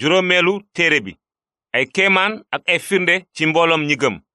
juróomeelu téere bi ay kéemaan ak ay firnde ci mbooloom ñi gëm